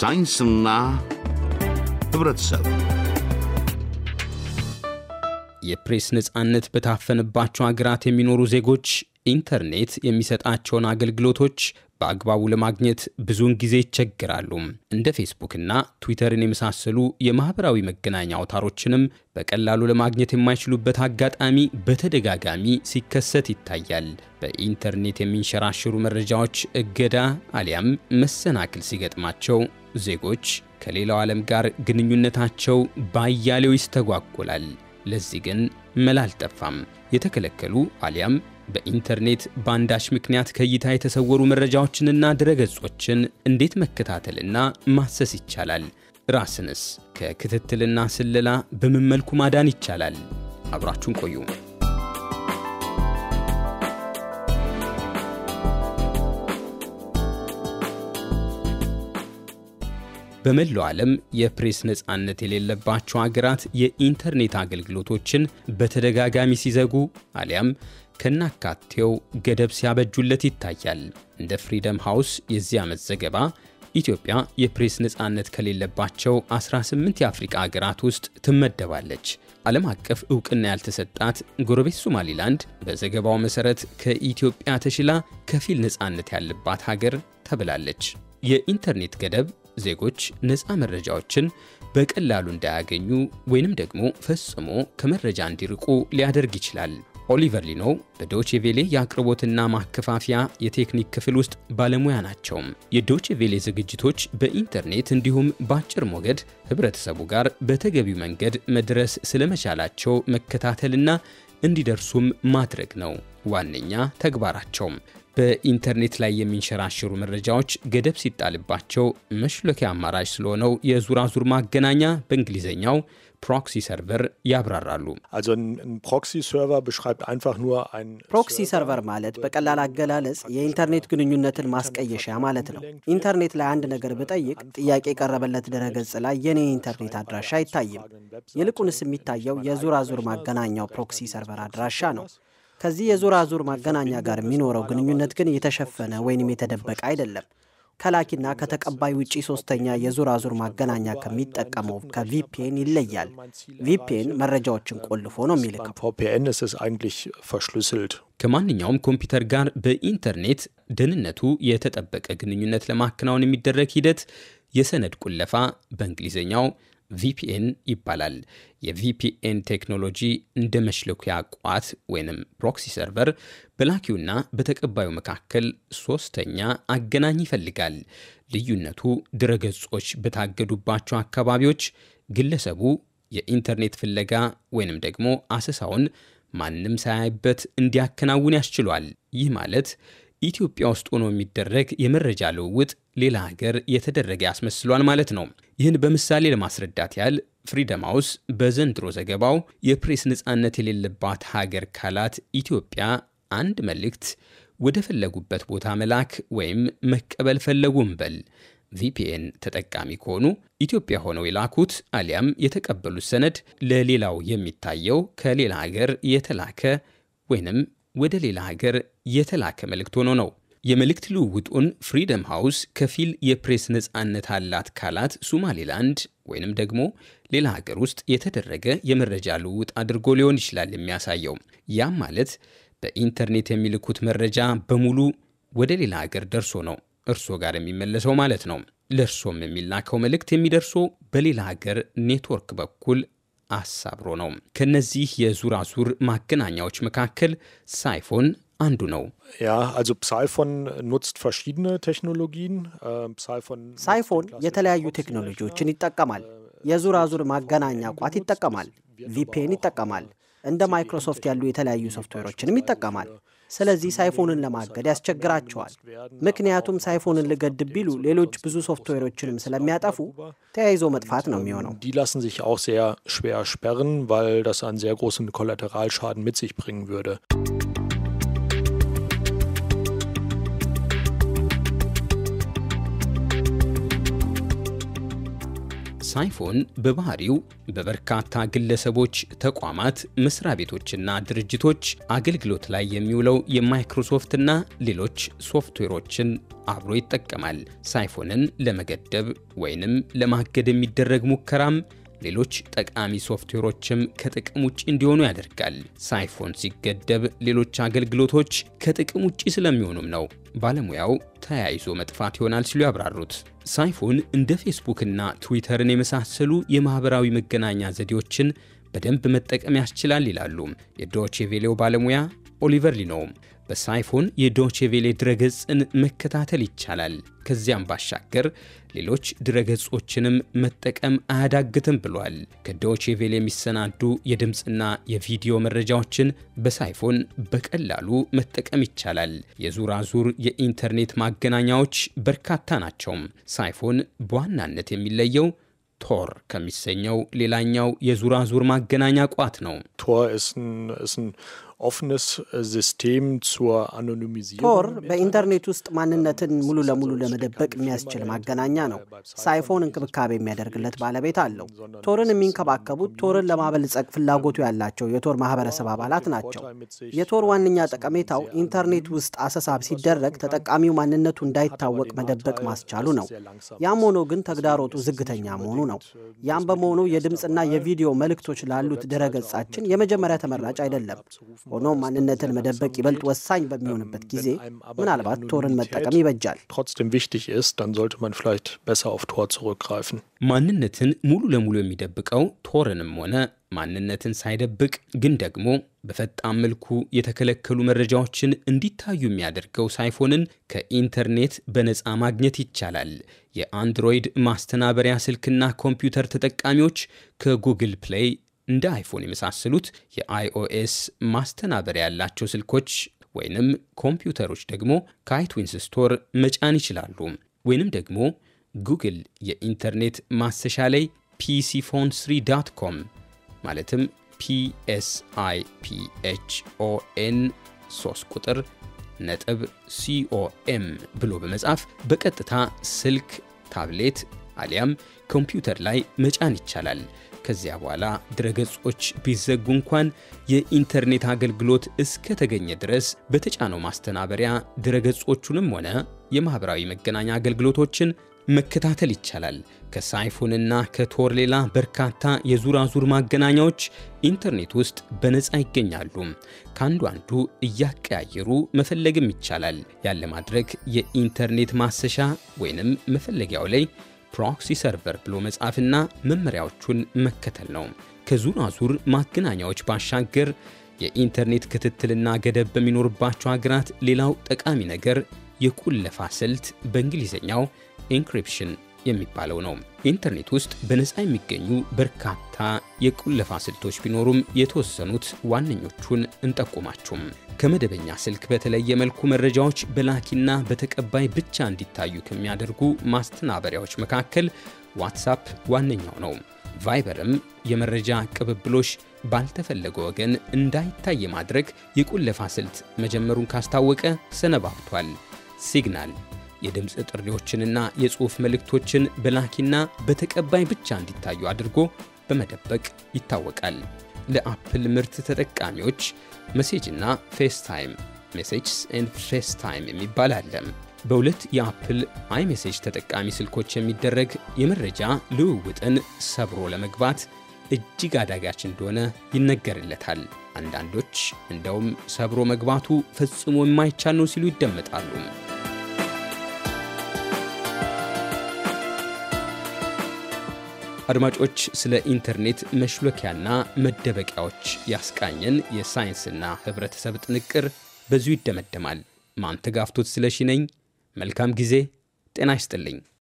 ሳይንስና ህብረተሰብ የፕሬስ ነፃነት በታፈነባቸው አገራት የሚኖሩ ዜጎች ኢንተርኔት የሚሰጣቸውን አገልግሎቶች በአግባቡ ለማግኘት ብዙውን ጊዜ ይቸግራሉ። እንደ ፌስቡክና ትዊተርን የመሳሰሉ የማህበራዊ መገናኛ አውታሮችንም በቀላሉ ለማግኘት የማይችሉበት አጋጣሚ በተደጋጋሚ ሲከሰት ይታያል። በኢንተርኔት የሚንሸራሸሩ መረጃዎች እገዳ አሊያም መሰናክል ሲገጥማቸው ዜጎች ከሌላው ዓለም ጋር ግንኙነታቸው ባያሌው ይስተጓጎላል። ለዚህ ግን መላ አልጠፋም። የተከለከሉ አሊያም በኢንተርኔት በአንዳች ምክንያት ከእይታ የተሰወሩ መረጃዎችንና ድረገጾችን እንዴት መከታተልና ማሰስ ይቻላል? ራስንስ ከክትትልና ስለላ በምን መልኩ ማዳን ይቻላል? አብራችሁን ቆዩ። በመላው ዓለም የፕሬስ ነጻነት የሌለባቸው አገራት የኢንተርኔት አገልግሎቶችን በተደጋጋሚ ሲዘጉ አሊያም ከናካቴው ገደብ ሲያበጁለት ይታያል። እንደ ፍሪደም ሃውስ የዚህ ዓመት ዘገባ ኢትዮጵያ የፕሬስ ነፃነት ከሌለባቸው 18 የአፍሪቃ ሀገራት ውስጥ ትመደባለች። ዓለም አቀፍ እውቅና ያልተሰጣት ጎረቤት ሶማሊላንድ በዘገባው መሠረት ከኢትዮጵያ ተሽላ ከፊል ነፃነት ያለባት ሀገር ተብላለች። የኢንተርኔት ገደብ ዜጎች ነፃ መረጃዎችን በቀላሉ እንዳያገኙ ወይንም ደግሞ ፈጽሞ ከመረጃ እንዲርቁ ሊያደርግ ይችላል። ኦሊቨር ሊኖ በዶቼ ቬሌ የአቅርቦትና ማከፋፊያ የቴክኒክ ክፍል ውስጥ ባለሙያ ናቸው። የዶቼ ቬሌ ዝግጅቶች በኢንተርኔት እንዲሁም በአጭር ሞገድ ህብረተሰቡ ጋር በተገቢው መንገድ መድረስ ስለመቻላቸው መከታተልና እንዲደርሱም ማድረግ ነው ዋነኛ ተግባራቸው። በኢንተርኔት ላይ የሚንሸራሸሩ መረጃዎች ገደብ ሲጣልባቸው መሽለኪያ አማራጭ ስለሆነው የዙራዙር ማገናኛ በእንግሊዝኛው ፕሮክሲ ሰርቨር ያብራራሉ። ፕሮክሲ ሰርቨር ማለት በቀላል አገላለጽ የኢንተርኔት ግንኙነትን ማስቀየሻ ማለት ነው። ኢንተርኔት ላይ አንድ ነገር ብጠይቅ ጥያቄ የቀረበለት ድረገጽ ላይ የኔ ኢንተርኔት አድራሻ አይታይም። ይልቁንስ የሚታየው የዙራዙር ማገናኛው ፕሮክሲ ሰርቨር አድራሻ ነው። ከዚህ የዙራዙር ማገናኛ ጋር የሚኖረው ግንኙነት ግን የተሸፈነ ወይንም የተደበቀ አይደለም። ከላኪና ከተቀባይ ውጪ ሶስተኛ የዙራዙር ማገናኛ ከሚጠቀመው ከቪፒኤን ይለያል። ቪፒኤን መረጃዎችን ቆልፎ ነው የሚልከው። ከማንኛውም ኮምፒውተር ጋር በኢንተርኔት ደህንነቱ የተጠበቀ ግንኙነት ለማከናወን የሚደረግ ሂደት የሰነድ ቁለፋ በእንግሊዝኛው ቪፒኤን ይባላል። የቪፒኤን ቴክኖሎጂ እንደ መሽለኩያ ቋት ወይንም ፕሮክሲ ሰርቨር በላኪውና በተቀባዩ መካከል ሶስተኛ አገናኝ ይፈልጋል። ልዩነቱ ድረገጾች በታገዱባቸው አካባቢዎች ግለሰቡ የኢንተርኔት ፍለጋ ወይንም ደግሞ አሰሳውን ማንም ሳያይበት እንዲያከናውን ያስችሏል። ይህ ማለት ኢትዮጵያ ውስጥ ሆኖ የሚደረግ የመረጃ ልውውጥ ሌላ ሀገር የተደረገ ያስመስሏል ማለት ነው። ይህን በምሳሌ ለማስረዳት ያህል ፍሪደም ሃውስ በዘንድሮ ዘገባው የፕሬስ ነፃነት የሌለባት ሀገር ካላት ኢትዮጵያ አንድ መልእክት ወደ ፈለጉበት ቦታ መላክ ወይም መቀበል ፈለጉም በል ቪፒኤን ተጠቃሚ ከሆኑ ኢትዮጵያ ሆነው የላኩት አሊያም የተቀበሉት ሰነድ ለሌላው የሚታየው ከሌላ ሀገር የተላከ ወይንም ወደ ሌላ ሀገር የተላከ መልእክት ሆኖ ነው። የመልእክት ልውውጡን ፍሪደም ሃውስ ከፊል የፕሬስ ነፃነት አላት ካላት ሱማሌላንድ ወይንም ደግሞ ሌላ ሀገር ውስጥ የተደረገ የመረጃ ልውውጥ አድርጎ ሊሆን ይችላል የሚያሳየው። ያም ማለት በኢንተርኔት የሚልኩት መረጃ በሙሉ ወደ ሌላ ሀገር ደርሶ ነው እርሶ ጋር የሚመለሰው ማለት ነው። ለእርሶም የሚላከው መልእክት የሚደርሶ በሌላ ሀገር ኔትወርክ በኩል አሳብሮ ነው። ከነዚህ የዙራዙር ማገናኛዎች መካከል ሳይፎን አንዱ ነው። ያ also ሳይፎን nutzt verschiedene Technologien. ሳይፎን የተለያዩ ቴክኖሎጂዎችን ይጠቀማል። የዙራዙር ማገናኛ ቋት ይጠቀማል፣ ቪፒኤን ይጠቀማል፣ እንደ ማይክሮሶፍት ያሉ የተለያዩ ሶፍትዌሮችንም ይጠቀማል። ስለዚህ ሳይፎንን ለማገድ ያስቸግራቸዋል። ምክንያቱም ሳይፎንን ልገድብ ቢሉ ሌሎች ብዙ ሶፍትዌሮችንም ስለሚያጠፉ ተያይዞ መጥፋት ነው የሚሆነው። Die lassen sich auch sehr schwer sperren, weil das einen sehr großen Kollateralschaden mit sich bringen würde. ሳይሆን በባህሪው በበርካታ ግለሰቦች፣ ተቋማት፣ መስሪያ ቤቶችና ድርጅቶች አገልግሎት ላይ የሚውለው የማይክሮሶፍትና ሌሎች ሶፍትዌሮችን አብሮ ይጠቀማል። ሳይፎንን ለመገደብ ወይንም ለማገድ የሚደረግ ሙከራም ሌሎች ጠቃሚ ሶፍትዌሮችም ከጥቅም ውጭ እንዲሆኑ ያደርጋል። ሳይፎን ሲገደብ ሌሎች አገልግሎቶች ከጥቅም ውጭ ስለሚሆኑም ነው ባለሙያው ተያይዞ መጥፋት ይሆናል ሲሉ ያብራሩት። ሳይፎን እንደ ፌስቡክና ትዊተርን የመሳሰሉ የማኅበራዊ መገናኛ ዘዴዎችን በደንብ መጠቀም ያስችላል ይላሉ የዶቼ ቬሌው ባለሙያ ኦሊቨር ሊኖውም በሳይፎን የዶችቬሌ ድረገጽን መከታተል ይቻላል። ከዚያም ባሻገር ሌሎች ድረገጾችንም መጠቀም አያዳግትም ብሏል። ከዶቼቬሌ የሚሰናዱ የድምፅና የቪዲዮ መረጃዎችን በሳይፎን በቀላሉ መጠቀም ይቻላል። የዙራዙር የኢንተርኔት ማገናኛዎች በርካታ ናቸው። ሳይፎን በዋናነት የሚለየው ቶር ከሚሰኘው ሌላኛው የዙራዙር ማገናኛ ቋት ነው። ቶር offenes äh, System zur Anonymisierung. tor በኢንተርኔት ውስጥ ማንነትን äh, ሙሉ ለሙሉ ለመደበቅ የሚያስችል ማገናኛ ነው። ሳይፎን እንክብካቤ የሚያደርግለት ባለቤት አለው። ቶርን የሚንከባከቡት ቶርን ለማበልጸግ ፍላጎቱ ያላቸው የቶር ማህበረሰብ አባላት ናቸው። የቶር ዋነኛ ጠቀሜታው ኢንተርኔት ውስጥ አሰሳብ ሲደረግ ተጠቃሚው ማንነቱ እንዳይታወቅ መደበቅ ማስቻሉ ነው። ያም ሆኖ ግን ተግዳሮቱ ዝግተኛ መሆኑ ነው። äh, ያም በመሆኑ የድምፅና የቪዲዮ መልእክቶች ላሉት ድረ የመጀመሪያ ተመራጭ አይደለም። ሆኖም ማንነትን መደበቅ ይበልጥ ወሳኝ በሚሆንበት ጊዜ ምናልባት ቶርን መጠቀም ይበጃል። ማንነትን ሙሉ ለሙሉ የሚደብቀው ቶርንም ሆነ ማንነትን ሳይደብቅ ግን ደግሞ በፈጣን መልኩ የተከለከሉ መረጃዎችን እንዲታዩ የሚያደርገው ሳይፎንን ከኢንተርኔት በነፃ ማግኘት ይቻላል። የአንድሮይድ ማስተናበሪያ ስልክና ኮምፒውተር ተጠቃሚዎች ከጉግል ፕሌይ እንደ አይፎን የመሳሰሉት የአይኦኤስ ማስተናበሪያ ያላቸው ስልኮች ወይንም ኮምፒውተሮች ደግሞ ከአይቱንስ ስቶር መጫን ይችላሉ። ወይንም ደግሞ ጉግል የኢንተርኔት ማሰሻ ላይ ፒሲፎን ፎን 3 ዳት ኮም ማለትም ፒኤስአይፒኤችኦኤን 3 ቁጥር ነጥብ ሲኦኤም ብሎ በመጻፍ በቀጥታ ስልክ፣ ታብሌት አሊያም ኮምፒውተር ላይ መጫን ይቻላል። ከዚያ በኋላ ድረገጾች ቢዘጉ እንኳን የኢንተርኔት አገልግሎት እስከተገኘ ድረስ በተጫነው ማስተናበሪያ ድረገጾቹንም ሆነ የማኅበራዊ መገናኛ አገልግሎቶችን መከታተል ይቻላል። ከሳይፎንና ከቶር ሌላ በርካታ የዙራዙር ማገናኛዎች ኢንተርኔት ውስጥ በነፃ ይገኛሉ። ከአንዱ አንዱ እያቀያየሩ መፈለግም ይቻላል። ያለ ማድረግ የኢንተርኔት ማሰሻ ወይንም መፈለጊያው ላይ ፕሮክሲ ሰርቨር ብሎ መጻፍና መመሪያዎቹን መከተል ነው። ከዙር አዙር ማገናኛዎች ባሻገር የኢንተርኔት ክትትልና ገደብ በሚኖርባቸው ሀገራት ሌላው ጠቃሚ ነገር የቁለፋ ስልት በእንግሊዝኛው ኢንክሪፕሽን የሚባለው ነው። ኢንተርኔት ውስጥ በነፃ የሚገኙ በርካታ የቁለፋ ስልቶች ቢኖሩም የተወሰኑት ዋነኞቹን እንጠቁማችሁም። ከመደበኛ ስልክ በተለየ መልኩ መረጃዎች በላኪና በተቀባይ ብቻ እንዲታዩ ከሚያደርጉ ማስተናበሪያዎች መካከል ዋትሳፕ ዋነኛው ነው። ቫይበርም የመረጃ ቅብብሎሽ ባልተፈለገ ወገን እንዳይታይ የማድረግ የቁለፋ ስልት መጀመሩን ካስታወቀ ሰነባብቷል። ሲግናል የድምፅ ጥሪዎችንና የጽሑፍ መልእክቶችን በላኪና በተቀባይ ብቻ እንዲታዩ አድርጎ በመደበቅ ይታወቃል። ለአፕል ምርት ተጠቃሚዎች መሴጅና ፌስታይም ሜሴጅስ ኤንድ ፌስታይም የሚባል አለ። በሁለት የአፕል አይ ሜሴጅ ተጠቃሚ ስልኮች የሚደረግ የመረጃ ልውውጥን ሰብሮ ለመግባት እጅግ አዳጋች እንደሆነ ይነገርለታል። አንዳንዶች እንደውም ሰብሮ መግባቱ ፈጽሞ የማይቻል ነው ሲሉ ይደመጣሉ። አድማጮች ስለ ኢንተርኔት መሽሎኪያና መደበቂያዎች ያስቃኘን የሳይንስና ህብረተሰብ ጥንቅር በዙ ይደመደማል። ማንተጋፍቶት ስለሺ ነኝ። መልካም ጊዜ። ጤና ይስጥልኝ።